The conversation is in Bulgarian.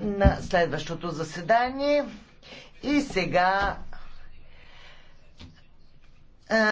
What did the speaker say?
на следващото заседание. И сега